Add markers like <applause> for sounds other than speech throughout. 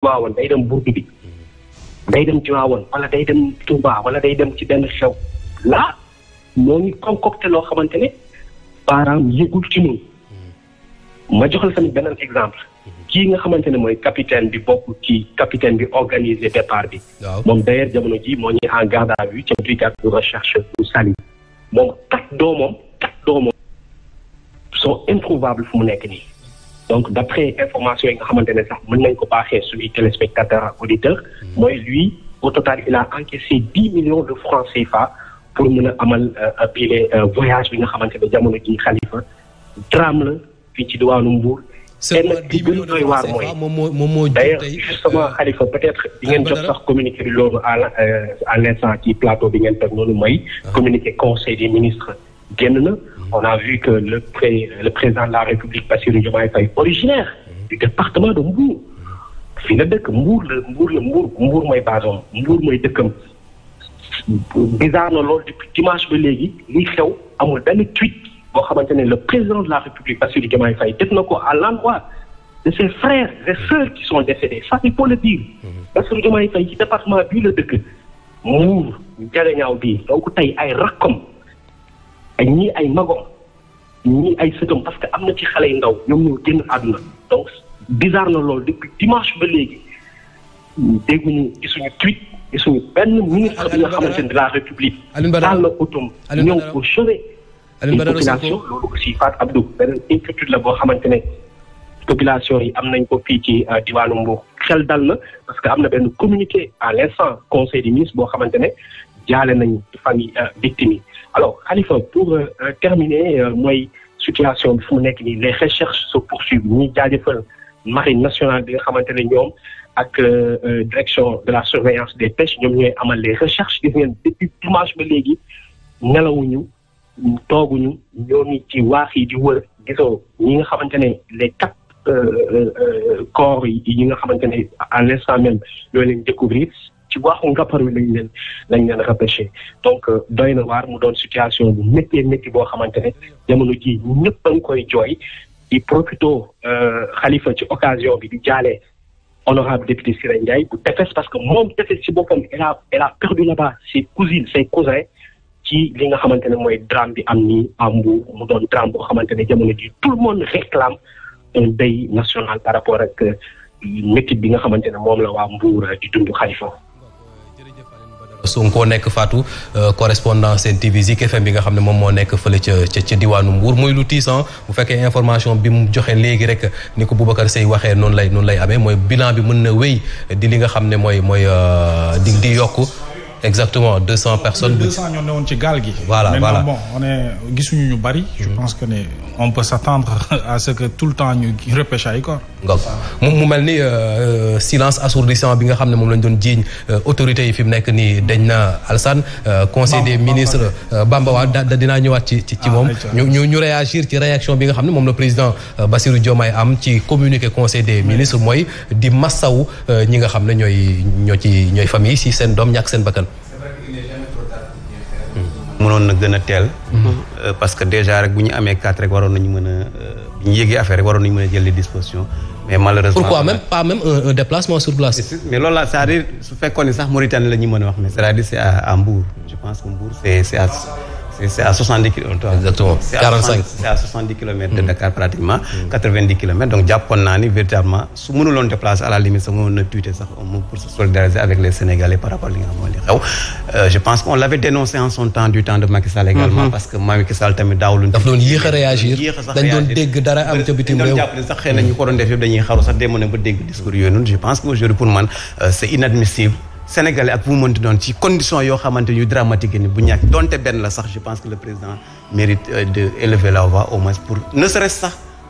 Tiwaawan day dem burdu bi day dem Tiwaawan wala day dem Touba wala day dem ci benn xew laa moo ngi concocté loo xamante ne parents yëgul ci noonu ma jox la tamit beneen exemple kii nga xamante ne mooy capitaine bi bokk ci capitaine bi organisé départ bi moom d'ailleurs jamono ji moo ñuy en garde à vue ca brigade de recherche bu Saly moom kat doomam kat doomam sont introuvables fu mu nekk nii donc d'après information yi nga xamante ne sax mën nañ ko baaxee suñuy téléspectateur ak auditeur mooy lui au total il a encaissé dix millions de francs fa pour mun a amal bile euh, euh, voyage bi nga xamante ne jamono ji xalifa drame la fii ci di Mbour seulement dix millions de francs CFA moom moo moom moo d'ailleurs justement euh, Khalifa peut-être di ngeen jot sax communiqué bi loolu à à l'instant ci plateau bi ngeen teg noonu mooy ah. communiqué conseil des ministres génn na on a vu que le pré le président de la république Bassirou Diomaye Faye originaire du département de Mbour fii la dëkk Mbour la Mbour la Mbour Mbour mooy basom Mbour mooy dëkkam bizarre na lool depuis dimanche ba léegi liy xew amul benn tweet boo xamante ne le président de la république Bassirou Diomaye Faye def na ko à l'endroit de ses frères et sœurs qui sont décédés ça il mhm. département bii la dëkk Mbour jaleñaaw bii donc tey ay rakkom ay ñii ay magom ñii ay sëtam parce que am na ci xale yu ndaw ñoom ñoo génn àdduna donc bizarre na loolu depuis dimanche ba léegi dégguñu gisuñu tweet gisuñu benn ministre bi nga xamante ne de la république. Alioune Badara taal na otom ñëw au chevet. Alioune Badara population loolu aussi Fatou Abdou beneen inquiétude la boo xamante ne population yi am nañ ko fii ci euh, diwaanu Mbour xel dal na parce que am na benn communiqué à l'instant conseil des ministres boo xamante ne jaale nañu famille euh, victime yi alors Khalifa pour euh, terminer euh, mooy situation fu mu nekk nii les recherches se poursuivent ñuy jaajëfal marine nationale bi nga xamante ne ñoom ak direction de la surveillance des pêches ñoom ñooy amal les recherches gis ngeen depuis dimanche ba léegi nelawuñu tooguñu ñoo ci waax yi di wër gisoo ñi nga xamante ne les quatre corps yi yi nga xamante ne à l'instant même ñoo leen découvrir ci waaxu ngàppar wi lañ leen lañ leen repêché donc euh, doy na waar mu doon situation bu métti métti boo xamante ne jamono jii ñëpp a ngi koy jooy di profito xalifa euh, ci occasion bi di jaalee honorable député Sira Ndiaye bu tefes parce que moom tefes ci boppam elle a a perdu là-bas ses ci li nga xamante ne mooy drame bi am nii à Mbour mu doon drame boo xamante ne jamono ji tout le monde réclame un deuil national par rapport ak euh, métit bi nga xamante ne moom la waa Mbour di dund Khalifa Sonko nekk faatu euh, correspondant Sen TV Zik FM bi nga xam ne moom moo nekk fële ca ca ca diwaanu Mbour muy lu tiisan bu fekkee information bi mu joxee léegi rek ni ko Boubacar Seye waxee noonu lay noonu lay ame mooy bilan bi mën na wéy di li nga xam ne mooy mooy euh, di di yokk exactement deux cent personnes. deux cent ñoo newoon ci gaal gi. voilà voilà bon gisuñu ñu bari. je mm. que ne on peut s'attendre <laughs> à tout le temps ñu repêche ay corps. moom mu mel ni euh, euh, silence assourdissant bi nga xam ne moom lañ doon jiiñ euh, autorité yi fi mu nekk nii dañ na Alsane. conseil des ministres Bamba waaw da dinaa ñëwaat ci ci ah, moom. ñu ñu réagir ci réaction bi nga xam ne moom la président Bassirou Diomaye am ci communiqué conseil des ministres mooy di massaw ñi nga xam ne ñooy ñoo ci ñooy famille si seen doom ñàkk seen bakkan. mënoon na gën a teel. Mhm. Euh, parce que déjà rek bu ñu amee quatre rek waroon na mën a euh, bu ñu yëgee affaire rek waroon nañu mën a jël les dispositions. mais malheureusement pourquoi même pas même un déplacement sur place. mais loolu la cest su fekkoon sax Mauritanie la ñu mën a wax mais c'est-à-dire c'est à Mbour je pense que Mbour c'est c'est à. c'est à 70 kilomètres. exactement kilomètres de mm. Dakar pratiquement. 90 mm. kilomètres donc jàppoon naa ni véritablement su mënuloon déplacer à la limite sax mënoon na tuite sax moom pour se solidariser avec les Sénégalais euh, également. Mm-hmm. parce que Macky Sall tamit daawul. daf doon yéex réagir dañ dégg dara am ca bitim réew. dañ jàpp ne sax xëy na ñu def yëpp dañuy xaru sax demoon na ba dégg discours yooyu je pense que aujourd'hui pour man euh, c'est inadmissible. sénégalais ak bu mu mënti condition yoo xamante ñu dramatique bu ñàkk donte benn la sax je pense que le président mérite euh, de élever la voix au moins pour ne sax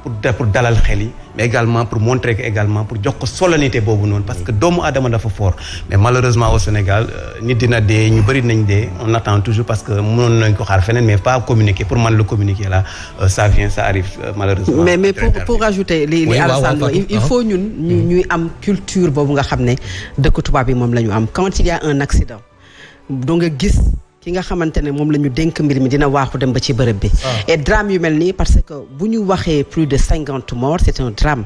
pour pour dalal xel yi mais également pour montrer que également pour jox ko solennité boobu noonu parce que doomu aadama dafa fort mais malheureusement au Sénégal euh, nit dina dee ñu bëri nañ dee on attend toujours parce que mënoon nañ ko xaar feneen mais pas communiquer pour man euh, euh, mais mais pour pour rajouter li li il faut ñun mm. ñuy am culture boobu nga xam ne dëkk tubaab yi moom la ñu am quand il y a un accident doo nga gis. ki nga xamante ne moom la ñu dénk mbir mi dina waaxu dem ba ci bërëb bi. Ah. et drame yu mel nii parce que bu ñu waxee plus de cinquante c'est un drame.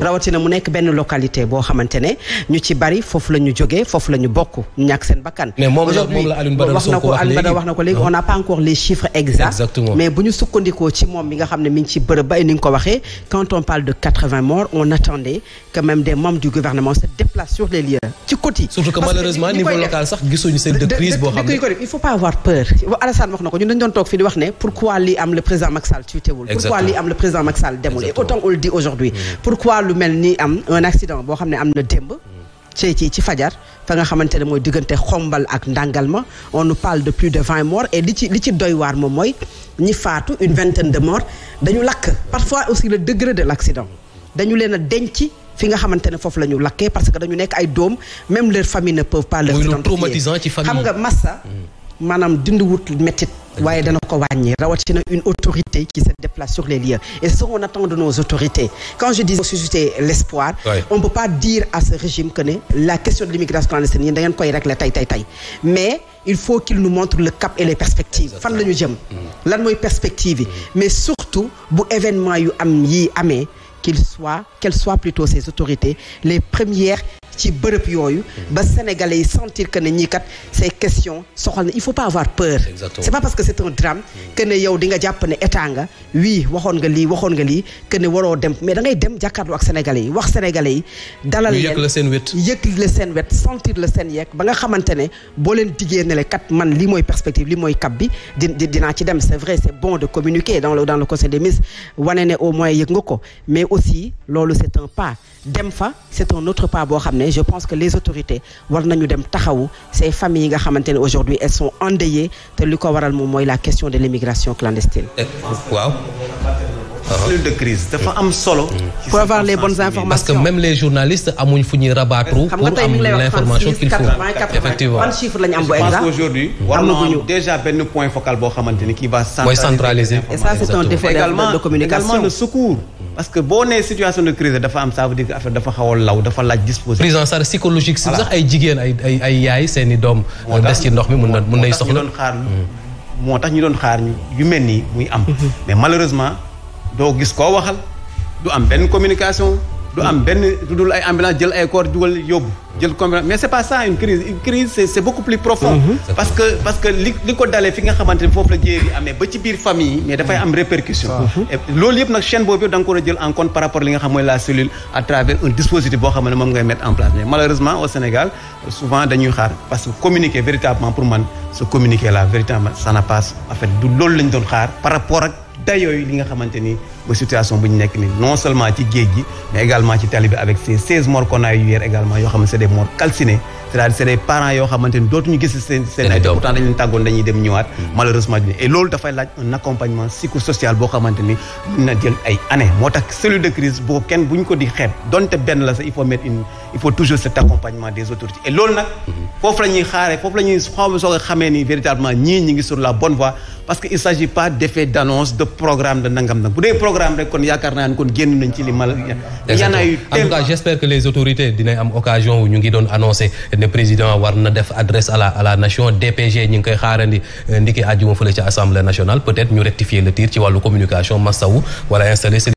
rawatina mu nekk benn localité boo xamante ne ñu ci bari foofu la ñu jógee foofu la ñu bokk ñu ñàkk seen bakkan. mais moom la moom la Alioune Badara Sonko wax léegi wax na ko léegi ah. on n'a pas encore les chiffres exacts. mais bu ñu sukkandikoo ci moom mi nga xam ne mi ngi ci bërëb ba ni nga ko waxee quand on parle de quatre-vingts morts on attendait que pas avoir peur Alassane wax na ko ñun dañu doon toog fii di wax ne pourquoi lii am le président Macky Sall tuuteewul pourquoi lii am le président Macky Sall demul et autant on le aujourd'hui mm. pourquoi lu mel ni am un accident boo xam ne am na démb ci fajar fa nga xamante ne mooy diggante xombal ak ndàngalma on nous parle de plus de vingt morts et li ci li ci doy waar moom mooy ñi faatu une vingtaine de morts dañu lakk parfois aussi le degré de l'accident dañu leen a denc ne foofu la ñu lakkee parce que dañu nekk ay doom même leur famille ne maanaam dindi wut métit waaye dana ko wàññi rawatina une autorité qui se déplace sur les lieux et ce qu'on attend de nos autorités quand je dis susciter l'espoir ouais. on ne peut pas dire à ce régime que ne la question de l'immigration clandestine yéen da ngeen koy régler tey tey tey mais il le cap et les perspectives fan la ñu jëm lan mooy perspective yi mm. mais surtout bu événement yu am yi amee qu'il soit qu'elles soient plutôt ces autorités les premières ci bërëb yooyu ba sénégalais yi sentir que ne ñii kat ces questions na il faut pas avoir peur c'est pas parce que c'est un drame mm. que ne yow di nga jàpp ne état nga wii waxoon nga lii waxoon nga waroo dem mais da ngay dem jàkkaarloo ak sénégalais yi wax sénégalais yi dalal leen yëg la seen wet yëg la seen wet sentir la seen yeeg ba nga xamante ne boo leen diggee ne le kat man lii mooy perspective lii mooy cap bi di dinaa ci dem c'est vrai c'est bon de communiquer dans le dans le conseil des ko mais aussi loolu c'est un pas fa c'est un boo xam ne je pense que les autorités war nañu dem taxawu ces familles yi nga xamante ne aujourd'hui elles sont endeuillées te li ko waral moom mooy la question de l'immigration clandestine. waaw. Ah. cellule am solo. Mm. pour avoir les bonnes parce que même les journalistes amuñ fu ñuy rabattre. pour am l'information qu'il faut effectivement ban chiffre lañu am bu exact. parce que aujourd'hui war na am déjà benn point focal boo xamante ni qui va centraliser et ça c'est un parce que boo nee situation de crise dafa am ça veut dire que affaire dafa xaw law dafa laaj disposition. prise en charge psychologique. si sax ay jigéen ay ay yaay seeni doom. des ci ndox mi mun na mun nay soxla hmm. moo tax ñu doon xaar ñu yu mel nii muy am. Hmm. mais malheureusement doo gis koo waxal du am benn communication. du am benn du dul ay ambulance jël ay corps yóbbu jël combien mais c'est pas ça une crise une crise c'est beaucoup plus profond mhm. parce que parce que li ko dalee fi nga xamante ne foofu la am répercussion mhm. loolu yëpp nag chaîne boobu yëpp da nga ko war a jël en compte par en place mais malheureusement au Sénégal souvent dañuy xaar parce que communiquer véritablement pour man se communiquer là véritablement ça n'a pas en fait loolu lañ doon xaar par rapport ak dayooyu li nga xamante ni ba situation bu nekk ni non seulement ci géej gi mais également ci tali avec seize morts qu'on a eu également yoo xam ne c'est des morts calcinés cest yoo xamante ni dootuñu gis seen seen ay pourtant dañ leen tàggoon dañuy dem ñëwaat hmm. malheureusement bi et loolu dafay laaj un accompagnement psychosocial boo xamante ni mun na jël ay ñu ko di xeeb donte benn des autorités loolu nag hmm. foofu la ñuy foofu la ñuy xaw soog xamee ni véritablement programme rek kon yaakaar naa ne kon génn nañ ci li mal. yanaayu en tout cas que les autorités dinañ am occasion wu ñu ngi doon annoncé ne président war na def adresse à la à DPG ñu ngi koy xaarandi euh, ndiki àjjuma fële ci assemblée nationale peut être ñu rectifier le tir ci wàllu communication massawu wala installer.